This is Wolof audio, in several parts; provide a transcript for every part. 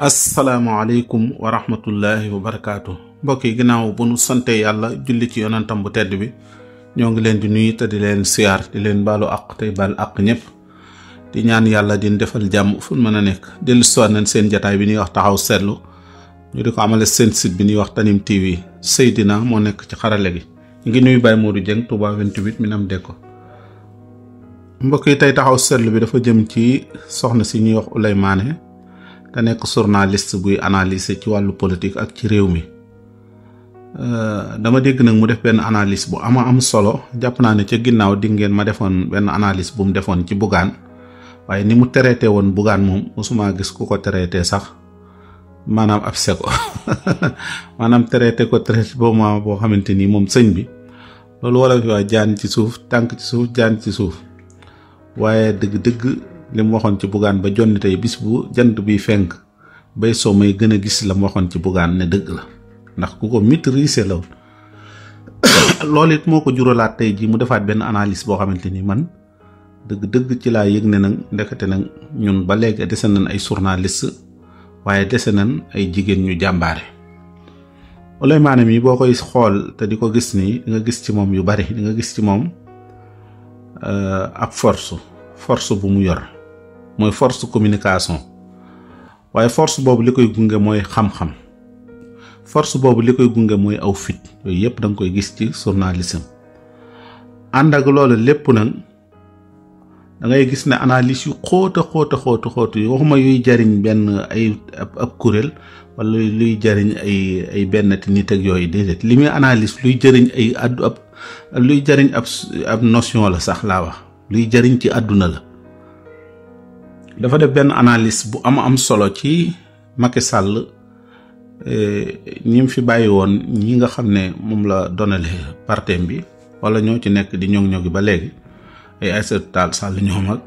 asalaamaaleykum wa rahmatullahi wa barakaatu mbokk yi ginnaaw bu nu sante yàlla julli ci yonantam bu tedd bi ñoo ngi leen di nuyu te di leen siyaar di leen baalu àq tey baal àq ñëpp di ñaan yàlla di defal jàmm fu mën a nekk dellu si nañ seen jataay bi ñuy wax taxaw seetlu ñu di ko seen site bi ñuy wax Tanime TV Seydina moo nekk ci xarale bi ñu ngi nuyu Baye Modou Dieng Touba 28 mi minam dégg ko mbokk yi tey taxaw seetlu bi dafa jëm ci soxna si ñuy wax Ouleye Mané te nekk journaliste buy analyser ci wàllu politique ak ci réew mi euh, dama dégg nag mu def benn analyse bu ama am solo jàpp naa ne ca ginnaaw di ngeen ma defoon benn analyse bu mu defoon ci buggaan waaye ni mu traité woon Bougane moom mosuma gis ku ko traité sax maanaam ab se ko maanaam traité ko traité boobu ma boo xamante ni moom sëñ bi loolu wala fi waa jaan ci suuf tànk ci suuf jaan ci suuf waaye dëgg-dëgg. li mu waxoon ci buggaan ba jonni tey bis bu jant biy fenk bay soo may gën a gis la mu waxoon ci bugaan ne dëgg la ndax ku ko maîtriser la woon loolu it moo ko juralaat tey jii mu defaat benn analyse boo xamante ni man dëgg-dëgg ci laa yëg ne nag ndekete nag ñun ba léegi dese nañ ay journaliste waaye dese nañ ay jigéen ñu jàmbaare. Oleye Mané mi boo koy xool te di ko gis nii di nga gis ci moom yu bari di nga gis ci moom euh, ab force force bu mu yor. mooy force communication waaye force boobu li koy gunge mooy xam-xam force boobu li koy gunge mooy aw fit yooyu yëpp danga koy gis ci journalisme ànd ak loolu lépp nag da ngay gis ne analyse yu xóota xóota xóota xóota yu waxuma yuy jariñ benn ay ab kuréel wala luy jariñ ay ay benn nit ak yooyu déedéet li muy analyse jëriñ ay addu jariñ ab ab notion la sax laa wax luy jariñ ci àdduna la dafa def benn analyse bu am am solo ci Macky sàll eh, ñi mu fi bàyyi woon ñi nga xam ne moom la donale partem bi wala ñoo ci nekk di ñoŋ-ñoŋi ba léegi ay Aïssata Tall Sall ñoom ak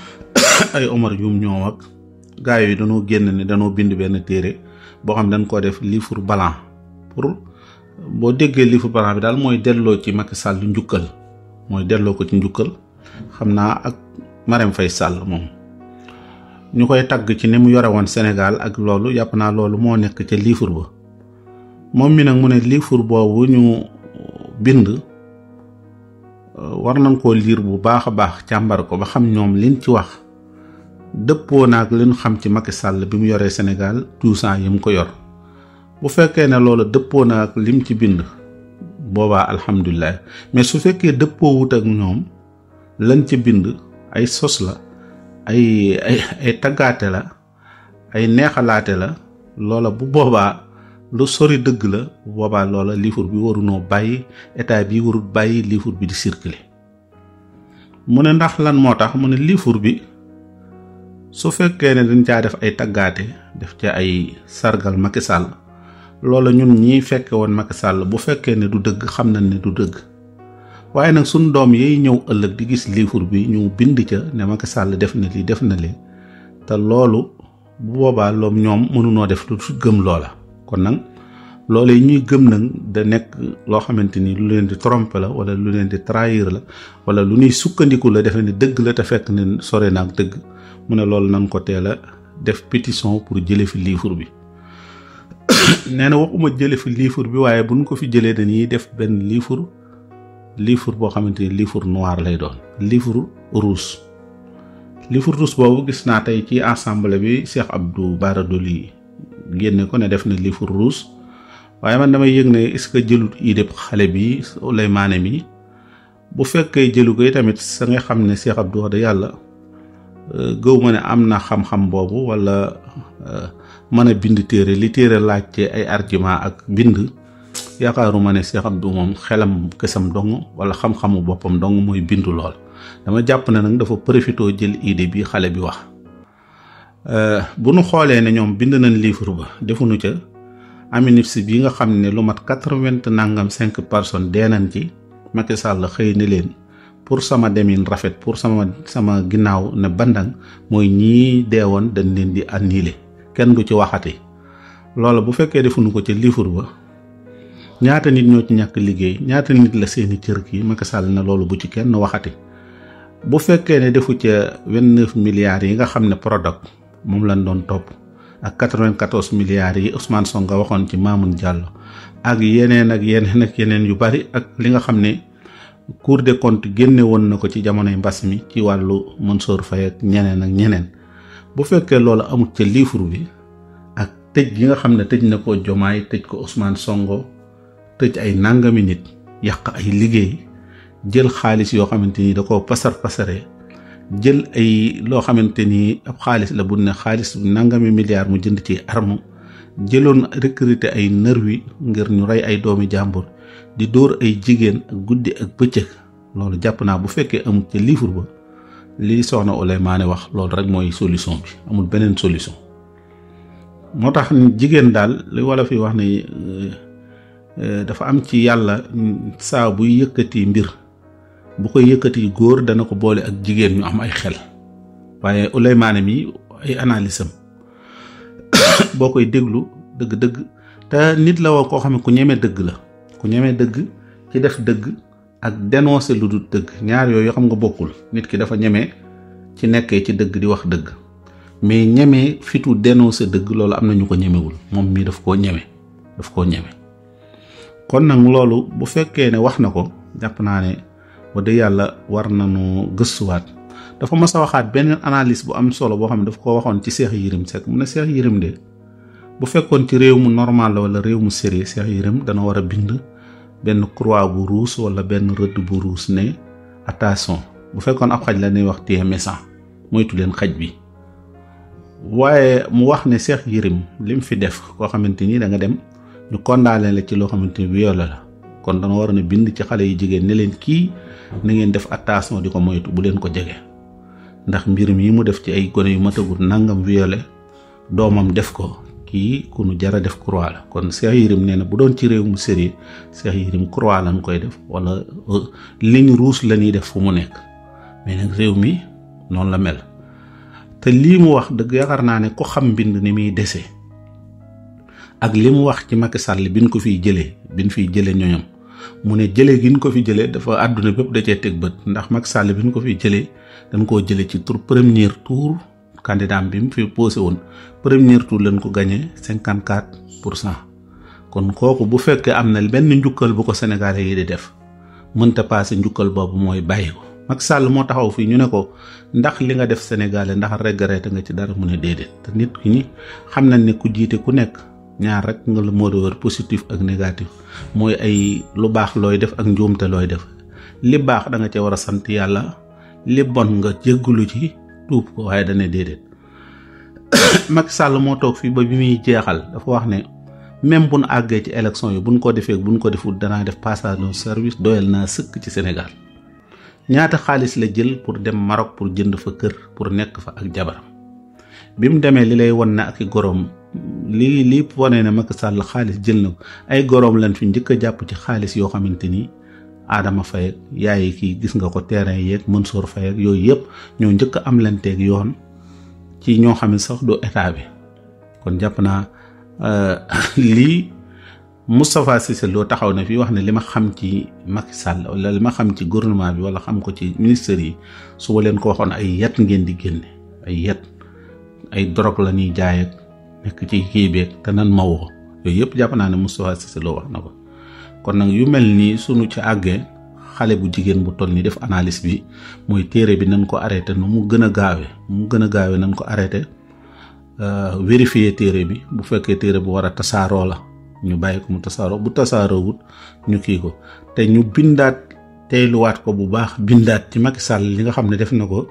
ay Omar Youm ñoom ak gars yi dañoo génn ne dañoo bind benn téere boo xam ne dañ koo def livre blanc pour boo déggee livre blanc bi daal mooy delloo ci Macky Sall njukkal mooy delloo ko ci njukkal xam naa ak Marème fay Sall moom ñu koy tagg ci ni mu yore woon Sénégal ak loolu yàpp naa loolu moo nekk ca livre ba moom mi nag mu ne livre boobu ñu bind euh, war nañ ko liir bu baax a baax càmbar ko ba xam ñoom liñ ci wax dëppoo nag liñ xam ci Macky Sall bi mu yoree Sénégal tuusan yi mu ko yor bu fekkee ne loolu dëppoo naag lim ci bind boobaa alhamdulilah mais su fekkee dëppoo wut ak ñoom lan ci bind ay sos la ay ay ay taggaate la ay neexalaate la loola bu boobaa lu sori dëgg la bu boobaa loola livre bi warunoo bàyyi état bi warul bàyyi livre bi di circuler mu ne ndax lan moo tax mu ne livre bi su fekkee ne dañ caa def ay taggaate def ca ay sargal Macky Sall loola ñun ñiy fekke woon Macky Sall bu fekkee ne du dëgg xam nañ ne du dëgg waaye nag suñ doom yay ñëw ëllëg di gis livre bi ñu bind ca ne Macky Sall def na lii def na lee te loolu bu boobaa loom ñoom mënunoo def lu gëm loola kon nag loolu yi ñuy gëm nag da nekk loo xamante ni lu leen di tromper la wala lu leen di trahir la wala lu ñuy sukkandiku la defe ne dëgg la te fekk ne sore na ak dëgg mu ne lool nan ko teel a def pétition pour jële fi livre bi nee na waxuma jële fi livre bi waaye buñ ko fi jëlee dañuy def benn livre livre boo xamante ni livre noir lay doon livre rouge livre rouge boobu gis naa tey ci assemblée bi Cheikh Abdou Bara Dolly génne ko ne def na livre rouge waaye man damay yëg ne est-ce que jëlut idée xale bi Souleymane mi bu fekkee jëlu ko tamit sa nga xam ne Cheikh Abdou wax dëgg yàlla euh, gëw ma ne am na xam-xam boobu walla euh, mën a bind téere li téere laaj ci ay argument ak bind yaakaaruma ne Cheikh Abdou moom xelam kësam dong wala xam-xamu boppam dong mooy bindu lool dama jàpp na nag dafa profitoo jël idée bi xale bi wax euh, bu nu xoolee ne ñoom bind nañ livre ba defunu ca Aminifs bi nga xam ne lu mat quatre-vingt nangam cinq personnes dee nañ ci Macky Sall xëy na leen pour sama demin rafet pour sama sama ginnaaw ne bandang mooy ñii deewoon dañ leen di annulé kenn du ci waxati loola bu fekkee defuñu ko ca livre ba. ñaata nit ñoo ci ñàkk liggéey ñaata nit la seeni cër kii Macky Sall na loolu bu ci kenn waxati bu fekkee ne defu ca vingt neuf yi nga xam ne Prodac moom lañ doon topp ak quatre vingt quatorze milliards yi Ousmane Sonko waxoon ci Mamoun Diallo ak yeneen ak yeneen ak yeneen yu bari ak li nga xam ne Cour de comptes génne woon na ko ci jamonoy mbas mi ci wàllu Mansour Faye ak ñeneen ak ñeneen bu fekkee loolu amut ca livre bi ak tëj yi nga xam ne tëj na ko Jomaay tëj ko Ousmane songo tëj ay nàngami nit yàq ay liggéey jël xaalis yoo xamante ni da koo pasar pasare jël ay loo xamante ni ab xaalis la bu ne xaalis nàngami milliard mu jënd ci arme jëloon recruter ay nervi ngir ñu rey ay doomi jàmbur di dóor ay jigéen ak guddi ak bëccëg loolu jàpp naa bu fekkee amul ca livre ba lii soxna Oleymaane wax loolu rek mooy solution bi amul beneen solution moo tax jigéen daal li wala fi wax ni Euh, dafa am ci yàlla saa buy yëkkati mbir bu koy yëkkati góor dana ko boole ak jigéen ñu am ay xel waaye Uleymaane mi ay analyse boo koy déglu dëgg-dëgg te nit la woo koo xam ne ku ñeme dëgg la ku ñeme dëgg ki def dëgg ak dénoncer lu dul dëgg ñaar yooyu xam nga bokkul nit ki dafa ñeme ci nekkee ci dëgg di wax dëgg mais ñeme fitu dénoncer dëgg loolu am na ñu ko ñemewul moom mii daf koo ñeme daf koo ñeme. kon nag loolu bu fekkee ne wax na ko jàpp naa ne wax dëgg yàlla war na nañu gëstuwaat dafa mas a waxaat benn analyse bu am solo boo xam ne daf ko waxoon ci seex Yérim Seck mun ne seex Yérim de bu fekkoon ci réew mu normal la wala réew mu sérieux seex Yérim dana war a bind benn croix bu ruus walla benn rëdd bu ruus ne attention bu fekkoon ab xaj la ñuy wax téye message moytu leen xaj bi waaye mu wax ne Cheikh Yérim lim fi def koo xamante ni da nga dem. ñu condamné la ci loo xamante ni viol la kon dana waroon bind ci xale yi jigéen ne leen kii na ngeen def attention di ko moytu bu leen ko jege ndax mbir yi mu def ci ay gone yu matagul nangam violé doomam def ko kii ku nu jara def croix la kon Cheikh Yérim nee na bu doon ci réew mu sérieux Cheikh Yérim croix lañ koy def wala euh, liñ ruus la def fu mu nekk mais nag réew mi noonu la mel te lii mu wax dëgg yaakaar naa ne ku xam mbind ni muy dese. ak li wax ci Macky Sall bi ñu ko fiy jëlee bi ñu fi jëlee ñoñam mu ne jëlee gi ñu ko fi jëlee dafa àdduna bépp da cee teg bët ndax mag Sall bi ñu ko fiy jëlee dañ koo jëlee ci tour premier tour candidat bi mu fi posé woon premier tour lañ ko gagné cinquante quatre pour cent kon kooku bu fekkee am na benn njukkal bu ko Sénégalais yi di def mënta passé njukkal boobu mooy bàyyi ko. Macky Sall moo taxaw fii ñu ne ko ndax li nga def Sénégalais ndax regretté nga ci dara mu ne déedéet te nit ki ñi xam nañ ne ku jiite ku nekk. ñaar rek nga moo di wër positif ak négatif mooy ay lu baax looy def ak njuumte looy def li baax da nga cee war a sant yàlla li bon nga lu ci tuub ko waaye dane déedéet Macky Sall moo toog fii ba bi muy jeexal dafa wax ne même bu nu àggee ci élection yi bu nu ko defee bu nu ko deful danaa def passage de service doyal naa sëkk ci senegal ñaata xaalis la jël pour dem Maroc pour jënd fa kër pour nekk fa ak jabar bi mu demee li lay won na ak i goroom lii lii wane na Macky Sall xaalis jël na ko ay goroom lan fi njëkk a jàpp ci xaalis yoo xamante ni Adama Faye yaay kii gis nga ko terrain soor Mansour Faye yooyu yëpp ñoo njëkk a am yoon ci ñoo xam ne sax du état bi kon jàpp naa euh, lii Moustapha Cissé Lo taxaw na fi wax ne li ma xam ci Macky Sall wala li ma xam ci gouvernement bi wala xam ko ci ministère yi su ba leen ko waxoon ay yat ngeen di génne ay yat ay dorog la ñuy jaay ak nekk ci kii beeg te nan ma woo yooyu yëpp jàpp naa ne Moustapha Cissé Lo wax na ko kon nag yu mel nii sunu ci àggee xale bu jigéen bu toll ni def analyse bi mooy téere bi nañ ko arrêté nu mu gën a gaawee nu mu gën gaawee nañ ko arrêté euh, vérifier téere bi bu fekkee téere bu war a tasaaroo la ñu bàyyi ko mu tasaaroo bu tasaaroo wut ñu kii ko te ñu bindaat teyluwaat ko bu baax bindaat ci Macky Sall li nga xam ne def na ko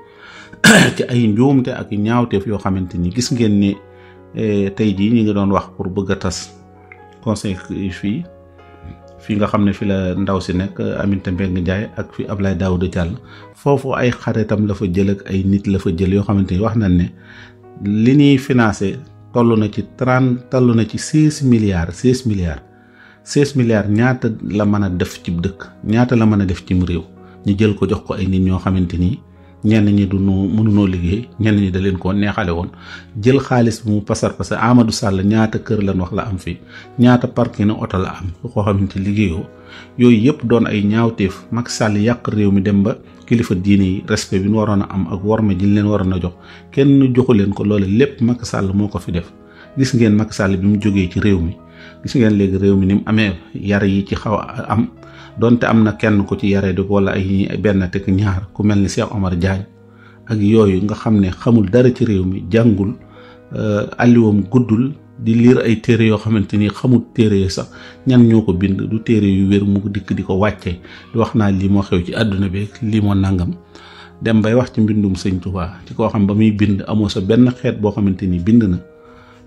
ci ay njuumte ak ñaawteef yoo xamante ni gis ngeen ni eh, tey jii ñu ngi doon wax pour bëgg a tas conseil fii fii nga xam ne fi la ndaw si nekk Aminata Mbengue jaay ak fi Ablaye Daouda Diallo foofu ay xaritam la fa jël ak ay nit la fa jël yoo xamante ni wax nañ ne li ñuy financé toll na ci trente toll na ci seize milliards seize milliards seize milliards ñaata la mën a def ci dëkk ñaata la mën a def cim réew ñu jël ko jox ko ay nit ñoo xamante ni. ñenn ñi du nu mënunoo liggéey ñenn ñi da leen koo neexale woon jël xaalis bi mu pasar pasar amadu Sall ñaata kër lan wax la am fii ñaata parking na oto la am xam koo ci liggéeyoo yooyu yëpp doon ay ñaawteef Macky sàll yàq réew mi dem ba kilifa diine yi respect bi ñu waroon a am ak worma ji leen waroon a jox kenn joxu leen ko loole lépp Macky sàll moo ko fi def gis ngeen Macky Sall bi mu jógee ci réew mi gis ngeen léegi réew mi ni mu amee yar yi ci xaw donte am na kenn ku ci yare du wala ay benn teg ñaar ku mel ni Cheikh Omar Diagne ak yooyu nga xam ne xamul dara ci réew mi jàngul euh, alliwam guddul di liir ay téere yoo xamante ni xamul téere yi sax ñan ñoo ko bind du téere yu wér mu dikk di ko wàccee di wax naa lii moo xew ci àdduna bi lii moo nangam dem bay wax ci mbindum sëñ Tuubaa ci koo xam ba muy bind amoo sa benn xeet boo xamante ni bind na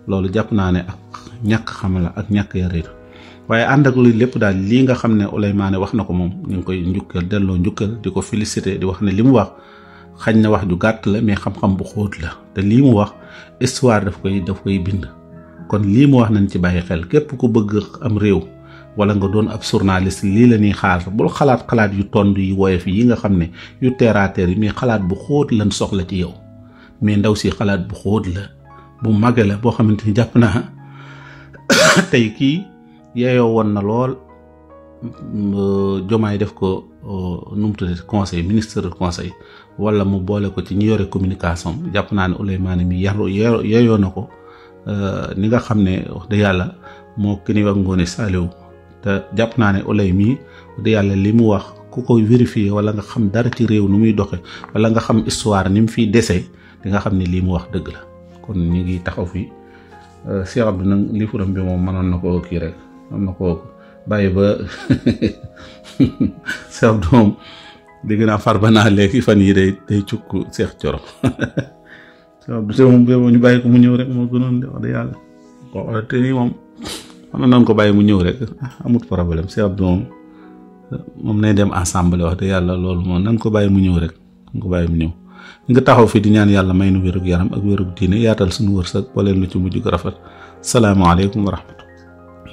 loolu jàpp naa ne ak ñàkk xam la ak ñàkk yareetu waaye ànd ak lépp daal lii nga xam ne Ouleymaane wax na ko moom ñu ngi koy njukkal delloo njukkal di ko félicité di wax ne li mu wax xañ na wax ju gàtt la mais xam-xam bu xóot la te lii mu wax histoire daf koy daf koy bind. kon lii mu wax nañ ci bàyyi xel képp ku bëgg am réew wala nga doon ab journaliste lii la ñuy xaar xalaat xalaat yu tond yu woyof yi nga xam ne yu terre yi mais xalaat bu xóot lañ soxla ci yow mais ndaw si xalaat bu xóot la bu màgg la boo xamante ni jàpp naa tey kii. yeeyoo woon na lool jomaay def ko euh, nu mu tuddee conseil ministre de conseil wala mu boole ko ci ñu yore communication jàpp naa ne Uleymaan mi yaru yeeyoo na ko euh, ni nga xam ne wax dëgg yàlla moo ki ni wax ngoone jàpp naa ne Uley mii wax yàlla li mu wax ku ko vérifier wala nga xam dara ci réew nu muy doxe wala nga xam histoire ni mu fiy dese di nga xam ne lii mu wax dëgg la kon ñu ngi taxaw fi euh, Cheikh Abdou nag li furam bi moom mënoon na ko kii rek am na kooku bàyyi ba seex doom dégg naa far ba naa léegi fan yi day day cukk seex coro seex du moom boobu ñu bàyyi ko mu ñëw rek moo gënoon de wax dëgg moom xam na ko bàyyi mu ñëw rek amut problème seex du moom nay dem ensemble wax dëgg yàlla loolu moom nan ko bàyyi mu ñëw rek nan ko bàyyi mu ñëw nga taxaw fi di ñaan yàlla may nu wérug yaram ak wérug diine yaatal suñu wërsëg wala lu ci mujj ko rafet salaamaaleykum wa rahmatulah